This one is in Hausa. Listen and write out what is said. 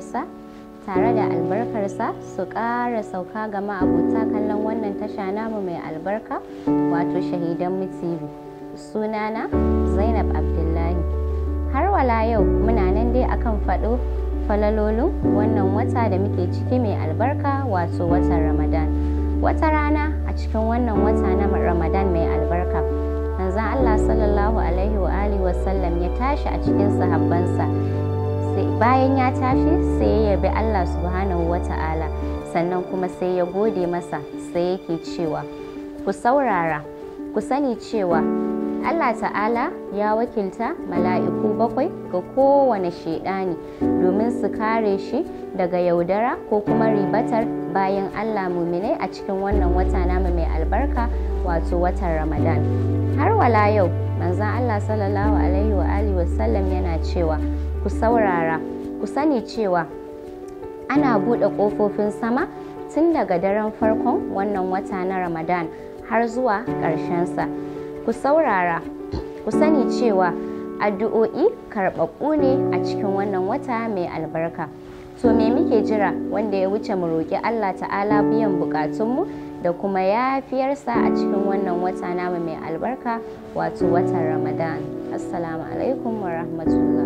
sa tare da albarkarsa su ƙara sauka ga ma'abota kallon wannan tasha namu mai albarka wato shahidan mutibi sunana zainab abdullahi har wala yau muna nan dai akan faɗo falalolin wannan wata da muke ciki mai albarka wato watan ramadan wata rana a cikin wannan wata na ramadan mai albarka manzon allah sallallahu alaihi wa alihi wasallam ya tashi a cikin sahabbansa bayan ya tashi sai ya bi Allah subhanahu wa ta'ala sannan kuma sai ya gode masa sai yake cewa ku saurara ku sani cewa Allah ta'ala ya wakilta mala'iku bakwai ga kowane shaidani domin su kare shi daga yaudara ko kuma ribatar bayan Allah muminai a cikin wannan wata namu mai albarka wato watan Ramadan har wala yau manzan Allah sallallahu alaihi wa alihi wasallam yana cewa ku saurara ku sani cewa ana buɗe ƙofofin sama tun daga daren farkon wannan wata na Ramadan har zuwa ƙarshensa ku saurara ku sani cewa addu'o'i karɓaɓɓu ne a cikin wannan wata mai albarka to me muke jira wanda ya wuce mu roƙi Allah ta'ala biyan buƙatunmu da kuma ya yafiyarsa a cikin wannan wata namu mai albarka wato watan Ramadan. Assalamu alaikum wa rahmatullah.